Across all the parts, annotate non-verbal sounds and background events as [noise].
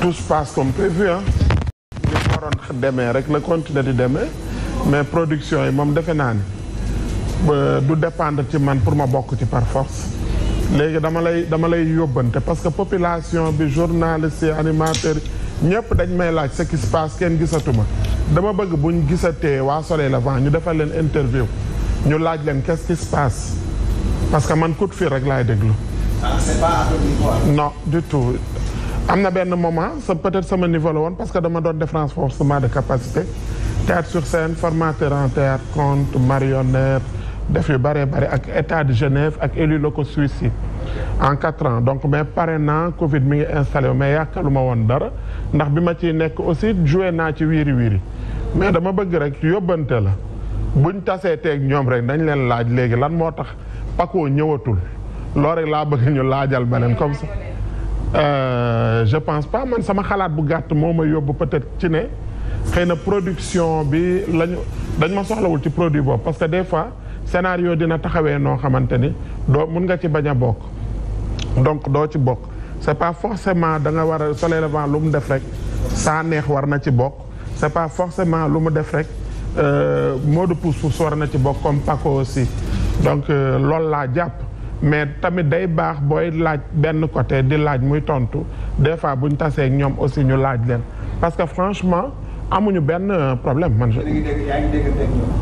tout se passe comme prévu ah. li waroon demee rek la continuer di demee mais production yi moom defe naa ni du dépendre ci man pour ma bokk ci par force. léegi dama lay dama lay yóbbante parce que population bi journaliste yi animateur ñëpp dañ may laaj ce qui se kenn gisatuma dama bëgg buñ gisatee waa Soleil Levant ñu defal leen interview ñu laaj leen quest passe parce que man coup fii rek laay déglu. ah du tout am na benn moment sa peut-être sama niveau la woon parce que dama doon def renforcement de capacité théâtre sur scène formateur en théâtre conte marionnette def yu bare bëri ak état de Genève ak élus locaux suisse yi en quatre ans donc mais pare naa Covid mi ngi installé mais yàkkalu ma woon dara ndax bi ma ci nekk aussi joué naa ci wiiri wiiri mais dama bëgg rek yóbbante la buñ tasee teeg ñoom rek dañ leen laaj léegi lan moo tax Paco ñëwatul. loolu rek laa bëgg ñu laajal beneen comme ça euh, je pense pas man sama xalaat bu gàtt moom ma yóbbu peut-être ci ne xëy na production bi lañu dañ ma soxlawul ci produit boobu parce que des fois scénario dina taxawee noo xamante ni doo mun nga ci bañ a bokk donc doo ci bokk c'est pas forcément da nga war a Soleil Levant lu mu def rek saa neex war na ci bokk c'est pas forcément lu mu def rek euh, Modou Pouce Pouce war na ci bokk comme Paco aussi donc euh, loolu laa jàpp mais tamit day baax booy laaj benn côté di laaj muy tontu des fois bu ñu tasee ñoom aussi ñu laaj leen parce que franchement amuñu benn euh, problème man.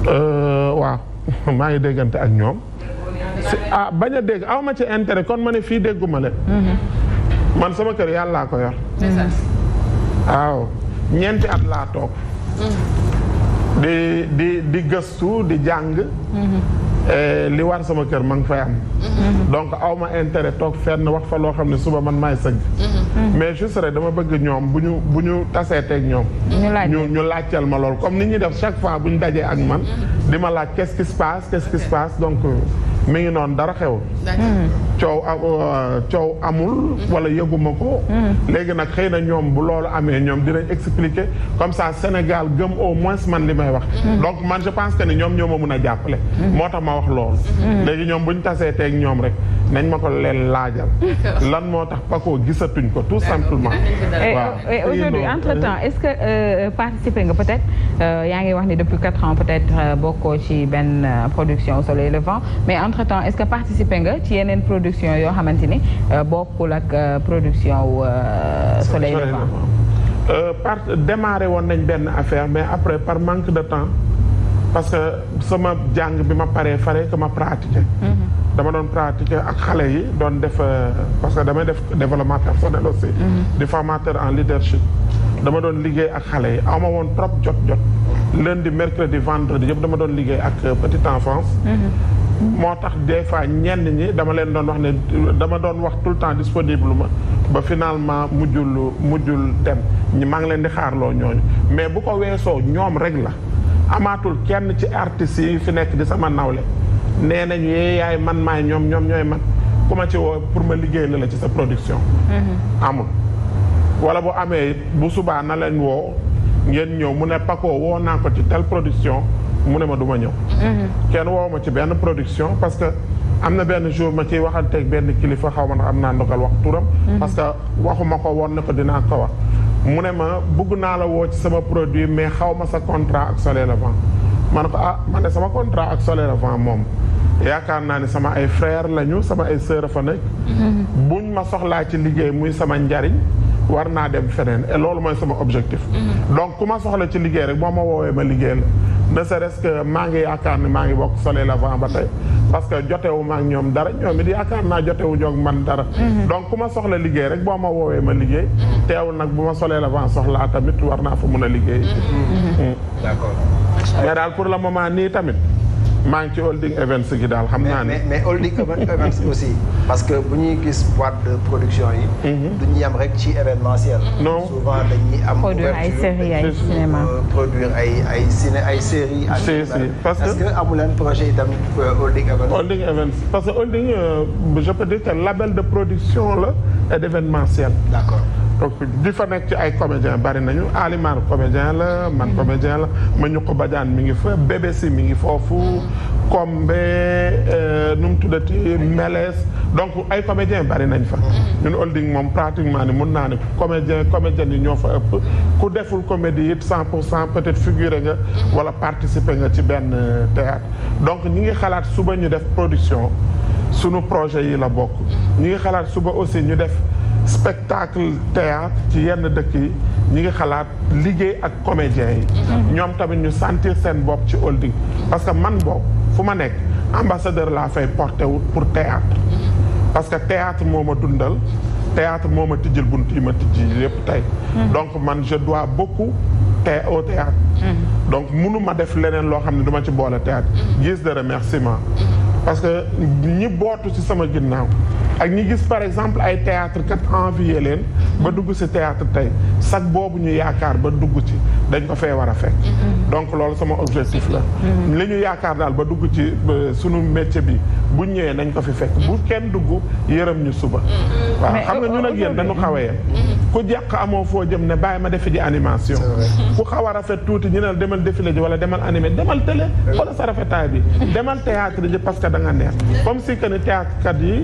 Euh, waaw [laughs] maa ngi déggante ak ñoom. ah bañ a dégg aw ma ci intérêt kon ma ne fii dégguma leen. Mm-hmm. man sama kër yàllaa ko yor. waaw ñeenti at laa toog. Mm-hmm. di di di gëstu di jàng. Mm-hmm. Eh, li war sama kër ma ngi fay am. Mhm. donc aw ma intérêt toog fenn wax fa loo xam ne suba man maay sëgg. Mhm. mais juste rek dama bëgg ñoom bu ñu bu ñu tasee teeg ñoom. ñu ñu laajteel ma lool comme ni ñuy def chaque fois bu ñu dajee ak man. Mhm. di ma laaj qu'est-ce qui se qu'est-ce donc euh, mi ngi noonu dara xew. coow euh, coow amul. wala yëguma ko. Hmm. léegi nag xëy na ñoom bu loolu amee ñoom dinañ expliquer comme ça Sénégal gëm au moins man li may wax. Hmm. donc man je pense que ni ñoom ñoo ma mun a jàppale. Hmm. moo tax ma wax loolu. léegi ñoom bu ñu tasee teeg ñoom rek nañ ma ko leen laajal. lan moo tax Paco gisatuñ ko tout simplement. waaw euh, aujourd'hui entre temps euh, est-ce que participer nga peut-être yaa ngi wax ni depuis quatre ans peut-être bokkoo ci benn production Soleil Levant mais entre temps est production yoo xamante ni euh, bokkul ak euh, production wu euh, soleil levant par démarré woon nañ benn affaire mais après par manque de temps parce que sama jàng bi ma paree fare que ma pratiquer mm-hmm. dama doon pratiquer ak xale yi doon def parce que damay def développement personnel aussi mm-hmm. di formateur en leadership dama doon liggéey ak xale yi ama woon trop jot jot lundi mercredi vendredi yëpp dama doon liggéey ak petite enfance mm-hmm. moo tax des fois ñenn ñi dama leen doon wax ne dama doon wax tout le temps disponible ma ba finalement mujjul mujjul dem ñi maa ngi leen di xaarloo ñooñu mais bu ko weesoo ñoom rek la amaatul kenn ci artistes yi fi nekk di sama nawle nee nañu yee eh, yaay man maay ñoom ñoom ñooy man ku ma ci woo pour ma liggéey la la ci sa production mm-hmm. amul wala bu amee bu subaa na leen woo ngeen ñëw mu ne Paco woo naa ko ci telle production mu ne ma du ma ñëw. Mm-hmm. kenn woowu ma ci benn production parce que am na benn jour ma ciy waxanteeg benn kilifa xaw ma ndax am naa ndogal wax turam. Mm-hmm. parce que waxuma ko woon na ko dinaa ko wax. mu ne ma bugg naa la woo ci sama produit mais xaw ma sa contrat ak Soleil Levant ma ne ko ah man ne sama contrat ak Soleil Levant moom. yaakaar naa ne sama ay frère lañu sama ay sœur fa nekk. Mm-hmm. buñ ma soxlaa ci liggéey muy sama njariñ. war naa dem feneen loolu mooy sama objectif. Mhm. donc ku ma soxla ci liggéey rek boo ma woowee ma liggéey la ne maa ngi yaakaar maa ngi bokk Soleil Levant ba tey parce que jotewu ma ñoom dara ñoom it yaakaar naa jotewu ñoo man dara. Mhm. donc ku ma soxla liggéey rek boo ma woowee ma liggéey. Mhm. teewul nag bu ma Soleil soxla soxlaa tamit war naa fa mun a liggéey. Mm. d'accord. mais daal pour le moment nii tamit. maa ngi ci holding events gi daal xam naa ne. mais mais holding events [laughs] aussi. parce que bu ñuy gis boîte de production yi. Mhm. du ñu yem rek ci événementiel. non souvent dañuy am. produire ay séries ay cinéma euh, produire ay ay ciné ay séries. parce que est-ce que amu leen projet yi tamit euh, holding events. holding events parce que holding euh, je peux dire que label de production la et d'événementiel. d'accord. donc di fa nekk ci ay comédien bari nañu Alimar comédien la man comédien la ma ñu ko Badiane mi ngi fa bébé si mi ngi foofu Kombe euh, nu mu tuddati Meles donc ay comédien bari nañ fa ñun holding moom pratiquement ni mun naa ne comédien comédienne yi ñoo fa ëpp ku deful comédie it cent pour cent peut-être figuré nga wala participer nga ci benn théâtre donc ñi ngi xalaat suba ñu def production sunu projet yi la bokk ñu ngi xalaat suba aussi ñu def spectacle théâtre ci yenn dëkk yi ñu ngi xalaat liggéey ak comédiens yi mhm. ñoom tamit ñu sentir seen bopp ci holding parce que man bopp fu ma nekk ambassadeur laa fay porté wut pour théâtre mhm. parce que théâtre moo ma dundal théâtre moo ma tijjil bunt yi ma tijji yépp tey mhm. donc man je dois beaucoup te au théâtre donc mënu def leneen loo xam ne duma ci boole théâtre guise de remerciement parce que ñi bootu ci sama ginnaaw ak ñi gis par exemple ay théâtre kat envier leen ba dugg ci théâtre tey sax boobu ñu yaakaar ba dugg ci dañ ko fee war a fekk mm-hmm. donc loolu sama objectif la mm-hmm. lañu yaakaar daal ba dugg ci sunu métier bi bu ñëwee nañ ko fi fekk bu mm-hmm. kenn dugg yërëm ñu suba waaw xam nga ñun ak yéen dañu xaw a yem ku jàq amoo foo jëm ne bàyyi ma defi ji animation ku xaw a rafet tuuti ñu ne demal défilé ji wala demal animé demal télé wala sa rafetaay bi [laughs] demal da nga neex comme si que ni kat yi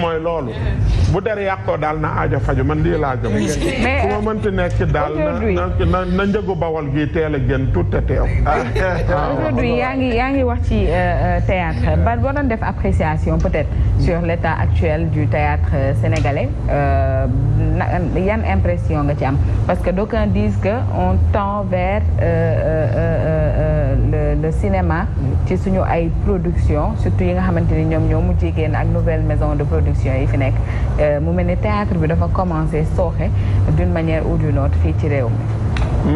mooy loolu bu der yàqoo daal na aajo faju man lii laa gëm fu euh, ma mënti nekk daal na na njëgu bawal gi teel a génn tout a teew [laughs] ah, ah, aujourd'hui yaa ngi yaa ngi wax ci euh, euh, théâtre ba boo def appréciation peut-être sur l'état actuel du théâtre sénégalais yan impression nga ci am parce que d'aucuns disent que on tend vers le cinéma ci suñu ay production surtout yi nga xamante ni ñoom ñoo mujjee génn ak nouvelle maison de production yi fi nekk euh, mu mel ni théâtre bi dafa commencé sooxe d'une manière ou d'une autre fii ci réew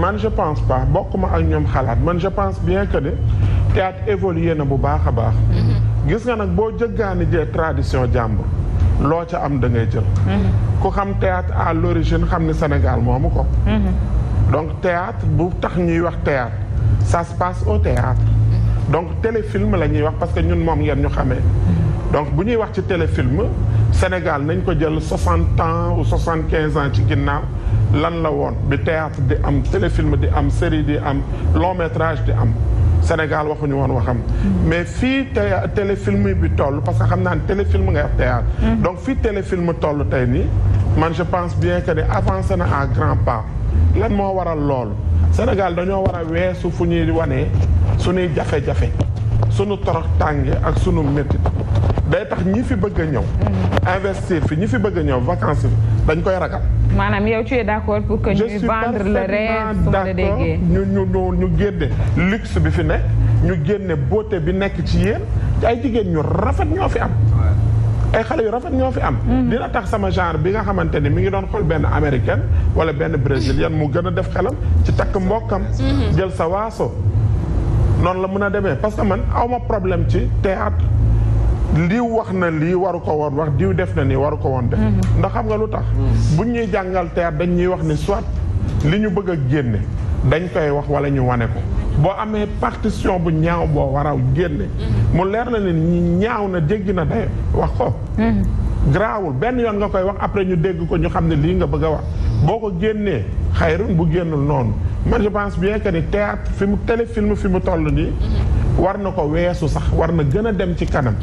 man je pense pas bokkuma ak ñoom xalaat man je pense bien que de théâtre évolué na bu baax a baax. Mm-hmm. gis nga nag boo jëggaani jee tradition jàmbur loo ca am da ngay jël. Mm-hmm. ku xam théâtre à l'origine xam ni Sénégal moomu ko. Mm-hmm. donc théâtre bu tax ñuy wax théâtre ça se au théâtre donc téléfilm la ñuy wax parce que ñun moom ngeen ñu xamee donc bu ñuy wax ci téléfilm Sénégal nañ ko jël soixante ans ou soixante quinze ans ci ginnaaw lan la woon bi théâtre di am téléfilm di am série di am long métrage di am Sénégal waxuñu woon waxam mais fii té téléfilm bi toll parce que xam naa ne téléfilm ngay wax théâtre mm-hmm. donc fii téléfilm toll tey nii man je pense bien que ne avancé na à grands pas lan moo waral loolu Sénégal dañoo war a weesu fu wanee sunuy jafe-jafe sunu torox tànge ak sunu métit day tax ñi fi bëgg a ñëw. Mm-hmm. investir fi ñi fi bëgg ñëw vacances fi dañ koy ragal. maanaam yow tu es d'accord pour que le rêve su ma la ñu génne luxe bi fi ne ñu génne beauté bi nekk ci yéen ay jigéen ñu rafet ñoo fi am. ay xale yu rafet ñoo fi am. Mm-hmm. dina tax sama genre bi nga xamante ni mi ngi doon xool benn américaine wala benn brésilienne mu gën a def xelam ci takk mbokkam. Mm-hmm. jël sa waaso. noonu la mën a demee parce que man awma problème ci théâtre lii wax na lii waru ko woon wax diw def na nii waru ko woon def mhm. ndax xam nga lu tax mhm. bu ñuy jàngal théâtre dañ ñuy wax ni soit li ñu bëgg a génne dañ koy wax wala ñu wane ko boo amee partition bu ñaaw boo waraw génne mhm. mu leer na la ne ñaaw na jéggi na day wax ko garaawul benn yoon nga koy wax après ñu dégg ko ñu xam ne lii nga bëgg a wax boo ko génnee xayrun bu génnul noonu man je pense bien que ni théâtre fi mu téléfilm fi mu toll nii. war na ko weesu sax war na gën a dem ci kanam.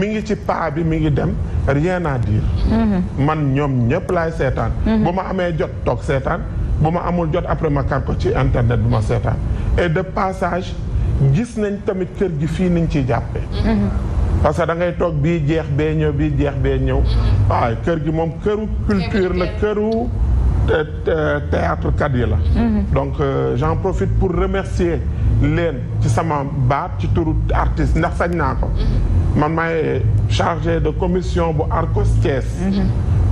mi ngi ci paa bi mi ngi dem rien à dire. Mm-hmm. man ñoom ñëpp laay seetaan. Mm-hmm. bu ma amee jot toog seetaan bu ma amul jot après ma kar ko ci internet bu ma seetaan et de passage gis nañ tamit kër gi fii niñ ciy jàppee. Mm-hmm. parce que da ngay toog bii jeex bee ñëw bii jeex bee ñëw waaye kër gi moom këru culture la këru. Euh, euh, théâtre kat yi la mhm. donc euh, j'en profite pour remercier leen ci sama baat ci turu artiste ndax sañ naa ko mhm. man maay chargé de commission bu Arcos Thiès mhm.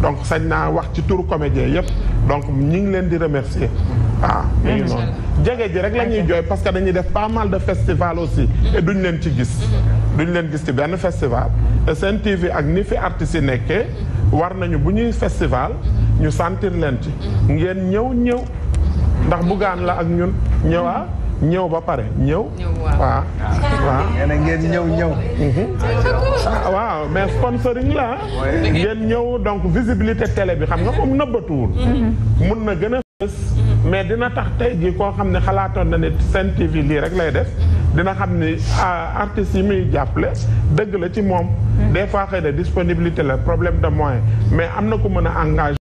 donc sañ naa wax ci turu comédien yëpp donc ñi ngi leen di remercier waaw ah, mi jege ji rek la ñuy jooy parce que dañuy def pas mal de festival aussi et duñ leen ci gis duñ leen gis ci benn festival te Sen TV ak ni fi artistes yi nekkee war nañu bu ñuy festival ñu sentir leen ci ngeen ñëw ñëw ndax bugaan la ak ñun ñëwaa ñëw ba pare ñëw. waaw waaw. Ah. nee na ñëw ñëw. Mhm. Ah, waaw mais sponsoring la ngeen ñëw donc visibilité télé bi xam nga moom nëbbatuwul. Mhm. mun na gën a fës mhm. mais dina tax tey jii koo xam ne xalaatoon na ne Sen TV lii rek lay def. dina xam ni ah, artistes yi muy jàppale dëgg la ci moom. Mm. des fois xëy na disponibilité la problème de moyen mais am na ko mën a engagé.